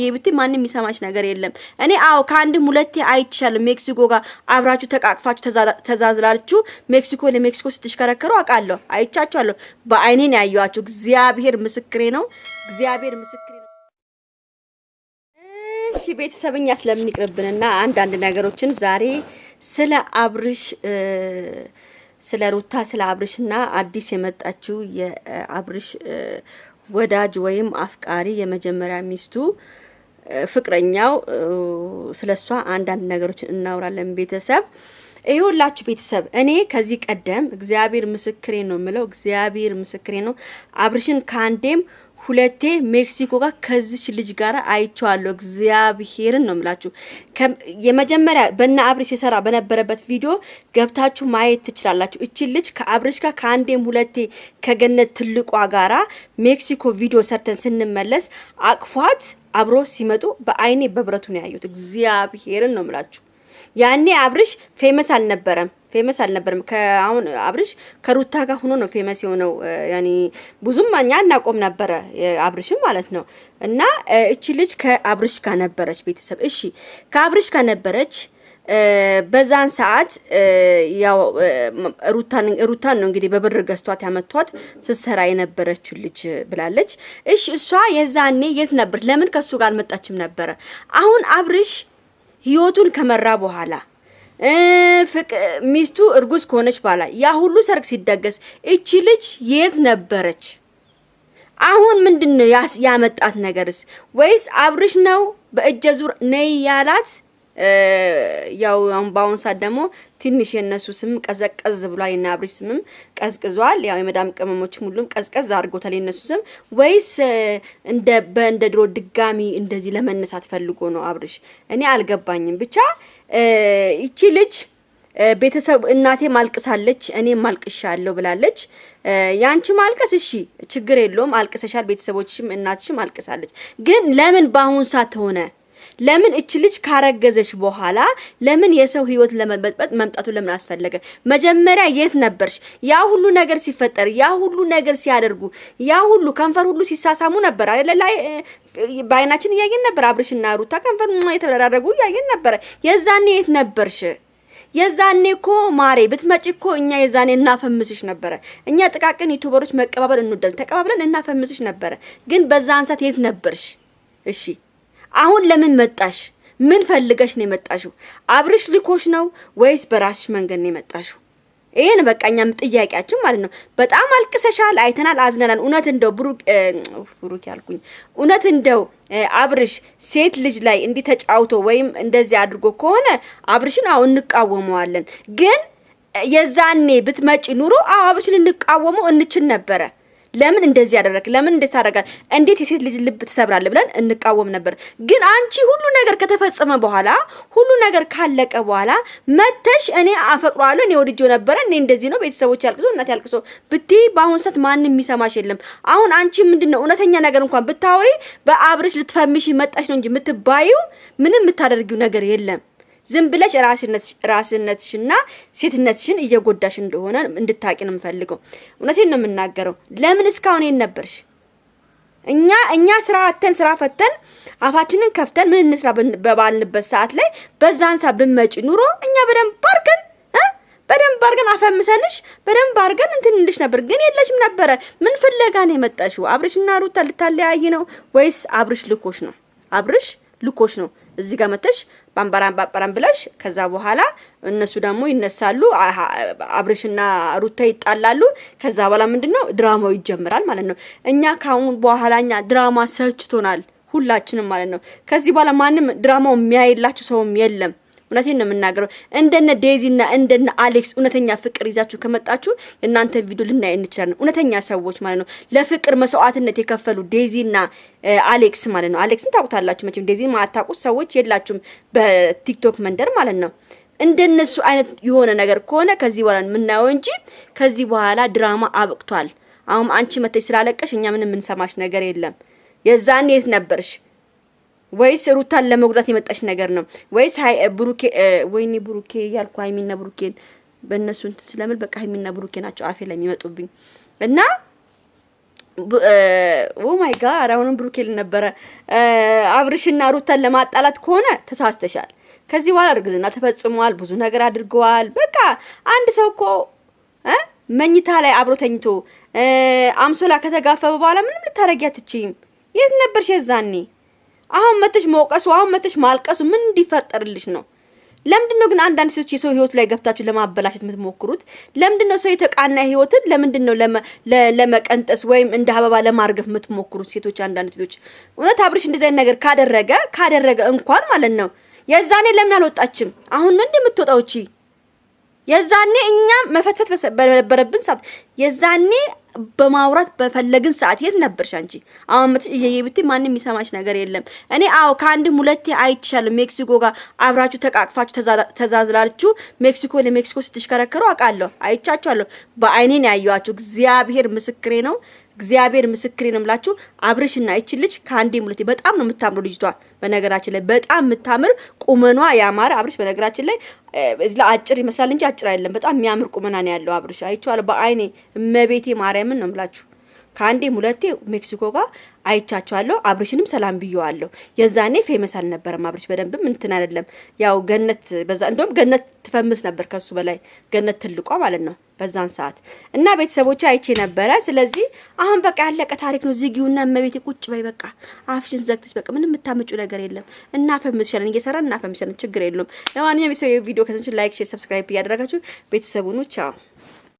ይሄ ብትይ ማንም የሚሰማች ነገር የለም። እኔ አዎ ከአንድም ሁለቴ አይቻለሁ። ሜክሲኮ ጋር አብራችሁ ተቃቅፋችሁ ተዛዝላችሁ ሜክሲኮ ለሜክሲኮ ስትሽከረከሩ አውቃለሁ፣ አይቻችኋለሁ። በአይኔ ነው ያየኋችሁ። እግዚአብሔር ምስክሬ ነው። እግዚአብሔር ምስክሬ ነው። እሺ ቤተሰብኛ ስለምንቅርብንና አንዳንድ ነገሮችን ዛሬ ስለ አብርሽ ስለ ሩታ ስለ አብርሽና አዲስ የመጣችው የአብርሽ ወዳጅ ወይም አፍቃሪ የመጀመሪያ ሚስቱ ፍቅረኛው ስለሷ አንዳንድ ነገሮችን እናውራለን ቤተሰብ ይሁላችሁ ቤተሰብ፣ እኔ ከዚህ ቀደም እግዚአብሔር ምስክሬ ነው የምለው፣ እግዚአብሔር ምስክሬ ነው። አብርሽን ከአንዴም ሁለቴ ሜክሲኮ ጋር ከዚች ልጅ ጋር አይቼዋለሁ። እግዚአብሔርን ነው የምላችሁ። የመጀመሪያ በና አብርሽ የሰራ በነበረበት ቪዲዮ ገብታችሁ ማየት ትችላላችሁ። እቺ ልጅ ከአብርሽ ጋር ከአንዴም ሁለቴ ከገነት ትልቋ ጋራ ሜክሲኮ ቪዲዮ ሰርተን ስንመለስ አቅፏት አብሮ ሲመጡ በአይኔ በብረቱ ነው ያዩት። እግዚአብሔርን ነው ምላችሁ። ያኔ አብርሽ ፌመስ አልነበረም፣ ፌመስ አልነበረም። ከአሁን አብርሽ ከሩታ ጋር ሆኖ ነው ፌመስ የሆነው። ያኔ ብዙም እኛ እናቆም ነበረ አብርሽም ማለት ነው። እና እቺ ልጅ ከአብርሽ ጋር ነበረች ቤተሰብ። እሺ ከአብርሽ ጋር ነበረች በዛን ሰዓት ያው ሩታን ሩታን ነው እንግዲህ በብር ገዝቷት ያመቷት ስትሰራ የነበረችው ልጅ ብላለች። እሺ እሷ የዛኔ የት ነበር? ለምን ከሱ ጋር አልመጣችም ነበረ? አሁን አብርሽ ህይወቱን ከመራ በኋላ ሚስቱ እርጉዝ ከሆነች በኋላ ያ ሁሉ ሰርግ ሲደገስ እቺ ልጅ የት ነበረች? አሁን ምንድን ነው ያመጣት ነገርስ? ወይስ አብርሽ ነው በእጀ ዙር ነይ ያላት ያው አሁን በአሁን ሰዓት ደግሞ ትንሽ የእነሱ ስም ቀዘቀዝ ብሏል። የእነ አብሪ ስምም ቀዝቅዟል። ያው የመዳም ቅመሞችም ሁሉም ቀዝቀዝ አድርጎታል የእነሱ ስም። ወይስ እንደ በእንደ ድሮ ድጋሚ እንደዚህ ለመነሳት ፈልጎ ነው አብርሽ? እኔ አልገባኝም። ብቻ ይቺ ልጅ ቤተሰብ እናቴ ማልቅሳለች እኔ አልቅሻለሁ ብላለች። ያንቺ ማልቀስ እሺ፣ ችግር የለውም አልቅሰሻል። ቤተሰቦችሽም እናትሽም አልቅሳለች። ግን ለምን በአሁን ሰዓት ሆነ? ለምን እች ልጅ ካረገዘች በኋላ ለምን የሰው ህይወት ለመበጥበጥ መምጣቱ ለምን አስፈለገ? መጀመሪያ የት ነበርሽ? ያ ሁሉ ነገር ሲፈጠር፣ ያ ሁሉ ነገር ሲያደርጉ፣ ያ ሁሉ ከንፈር ሁሉ ሲሳሳሙ ነበር አይደለ? ላይ በአይናችን እያየን ነበር። አብርሽና ሩታ ከንፈር የተደራረጉ እያየን ነበረ። የዛኔ የት ነበርሽ? የዛኔ እኮ ማሬ ብትመጪ እኮ እኛ የዛኔ እናፈምስሽ ነበረ። እኛ ጥቃቅን ዩቱበሮች መቀባበል እንወዳለን። ተቀባብለን እናፈምስሽ ነበረ። ግን በዛን ሰዓት የት ነበርሽ? እሺ አሁን ለምን መጣሽ? ምን ፈልገሽ ነው የመጣሽው? አብርሽ ልኮሽ ነው ወይስ በራስሽ መንገድ ነው የመጣሽው? ይሄን በቃ እኛም ጥያቄያችን ማለት ነው። በጣም አልቅሰሻል፣ አይተናል፣ አዝነናል። እውነት እንደው ብሩክ ብሩክ ያልኩኝ እውነት እንደው አብርሽ ሴት ልጅ ላይ እንዲህ ተጫውቶ ወይም እንደዚህ አድርጎ ከሆነ አብርሽን አሁን እንቃወመዋለን። ግን የዛኔ ብትመጪ ኑሮ አብርሽን እንቃወመው እንችል ነበረ። ለምን እንደዚህ ያደረግ ለምን እንደዚህ ታደርጋል እንዴት የሴት ልጅ ልብ ትሰብራለ ብለን እንቃወም ነበር። ግን አንቺ ሁሉ ነገር ከተፈጸመ በኋላ ሁሉ ነገር ካለቀ በኋላ መተሽ እኔ አፈቅሯለሁ እኔ ወድጆ ነበረ እኔ እንደዚህ ነው ቤተሰቦች ያልቅሶ እናት ያልቅሶ ብትይ በአሁን ሰዓት ማንም የሚሰማሽ የለም። አሁን አንቺ ምንድን ነው እውነተኛ ነገር እንኳን ብታወሪ በአብርሽ ልትፈምሽ መጣሽ ነው እንጂ የምትባዩ ምንም የምታደርጊው ነገር የለም። ዝም ብለሽ ራስነትሽና ሴትነትሽን እየጎዳሽ እንደሆነ እንድታቂ ነው የምፈልገው። እውነቴን ነው የምናገረው። ለምን እስካሁን የት ነበርሽ? እኛ እኛ ስራ አተን ስራ ፈተን አፋችንን ከፍተን ምን እንስራ በባልንበት ሰዓት ላይ በዛን ሰዓት ብመጪ ኑሮ እኛ በደንብ አድርገን በደንብ አድርገን አፈምሰንሽ በደንብ አድርገን እንትን ነበር። ግን የለሽም ነበረ። ምን ፍለጋ ነው የመጣሽው? አብርሽና ሩታ ልታለያይ ነው ወይስ አብርሽ ልኮሽ ነው? አብርሽ ልኮሽ ነው እዚህ ጋር መተሽ ባምባራም ባምባራም ብለሽ ከዛ በኋላ እነሱ ደግሞ ይነሳሉ። አብርሽና ሩታ ይጣላሉ። ከዛ በኋላ ምንድነው ድራማው ይጀምራል ማለት ነው። እኛ ካሁን በኋላ እኛ ድራማ ሰርችቶናል ሁላችንም ማለት ነው። ከዚህ በኋላ ማንም ድራማው የሚያይላችሁ ሰውም የለም። እውነቴን ነው የምናገረው። እንደነ ዴዚና እንደነ አሌክስ እውነተኛ ፍቅር ይዛችሁ ከመጣችሁ የእናንተ ቪዲዮ ልናይ እንችላለን። እውነተኛ ሰዎች ማለት ነው ለፍቅር መስዋዕትነት የከፈሉ ዴዚና አሌክስ ማለት ነው። አሌክስን ታውቁታላችሁ መቼም፣ ዴዚ ማታውቁት ሰዎች የላችሁም በቲክቶክ መንደር ማለት ነው። እንደነሱ አይነት የሆነ ነገር ከሆነ ከዚህ በኋላ የምናየው እንጂ ከዚህ በኋላ ድራማ አብቅቷል። አሁን አንቺ መተሽ ስላለቀሽ እኛ ምንም የምንሰማሽ ነገር የለም። የዛኔ የት ነበርሽ? ወይስ ሩታን ለመጉዳት የመጣች ነገር ነው ወይስ ሀይ ብሩኬ ወይኔ ብሩኬ እያልኩ ሀይሚና ብሩኬን በእነሱ እንትን ስለምል በቃ ሀይሚና ብሩኬ ናቸው አፌ ላይ የሚመጡብኝ እና ኦ ማይ ጋድ አሁንም ብሩኬ ነበረ አብርሽና ሩታን ለማጣላት ከሆነ ተሳስተሻል። ከዚህ በኋላ እርግዝና ተፈጽሟል። ብዙ ነገር አድርገዋል። በቃ አንድ ሰው እኮ መኝታ ላይ አብሮ ተኝቶ አምሶላ ከተጋፈበ በኋላ ምንም ልታረጊ አትችይም። የት ነበርሽ የዛኔ? አሁን መተሽ መውቀሱ፣ አሁን መተሽ ማልቀሱ ምን እንዲፈጠርልሽ ነው? ለምንድን ነው ግን አንዳንድ ሴቶች የሰው ህይወት ላይ ገብታችሁ ለማበላሸት የምትሞክሩት? ለምንድን ነው ሰው የተቃና ህይወትን ለምንድን ነው ለመቀንጠስ ወይም እንደ አበባ ለማርገፍ የምትሞክሩት? ሴቶች አንዳንድ ሴቶች እውነት አብርሽ እንደዚህ ነገር ካደረገ ካደረገ እንኳን ማለት ነው የዛኔ ለምን አልወጣችም? አሁን ነው እንደ የምትወጣው እቺ የዛኔ እኛ መፈትፈት በነበረብን ሰዓት የዛኔ በማውራት በፈለግን ሰዓት የት ነበርሽ አንቺ? አሁን መጥሽ እየየብት ማንም የሚሰማሽ ነገር የለም። እኔ አዎ ከአንድም ሁለቴ አይቻልም። ሜክሲኮ ጋር አብራችሁ ተቃቅፋችሁ ተዛዝላችሁ ሜክሲኮ ለሜክሲኮ ስትሽከረከሩ አውቃለሁ፣ አይቻችኋለሁ። በአይኔን ያየኋችሁ እግዚአብሔር ምስክሬ ነው። እግዚአብሔር ምስክሬ ነው የምላችሁ። አብርሽና ይች ልጅ ከአንዴ ሙለቴ በጣም ነው የምታምሩ ልጅቷ። በነገራችን ላይ በጣም የምታምር ቁመኗ ያማረ አብርሽ፣ በነገራችን ላይ እዚህ አጭር ይመስላል እንጂ አጭር አይደለም። በጣም የሚያምር ቁመና ነው ያለው አብርሽ። አይቼዋለሁ በአይኔ እመቤቴ ማርያምን ነው የምላችሁ። ከአንዴም ሁለቴ ሜክሲኮ ጋር አይቻቸዋለሁ። አብርሽንም ሰላም ብየዋለሁ። የዛኔ ፌመስ አልነበረም አብርሽ፣ በደንብም እንትን አይደለም ያው ገነት በዛ እንደውም ገነት ትፈምስ ነበር ከሱ በላይ ገነት ትልቋ ማለት ነው በዛን ሰዓት እና ቤተሰቦች አይቼ ነበረ። ስለዚህ አሁን በቃ ያለቀ ታሪክ ነው። ዝጊውና እመቤቴ ቁጭ በይ በቃ አፍሽን ዘግተሽ በቃ ምንም የምታምጩ ነገር የለም። እናፈምስሻለን እየሰራን እናፈምስሻለን። ችግር የለውም። ለማንኛውም ቤተሰብ ቪዲዮ ከተመችን ላይክ፣ ሼር፣ ሰብስክራይብ እያደረጋችሁ ቤተሰቡን ቻው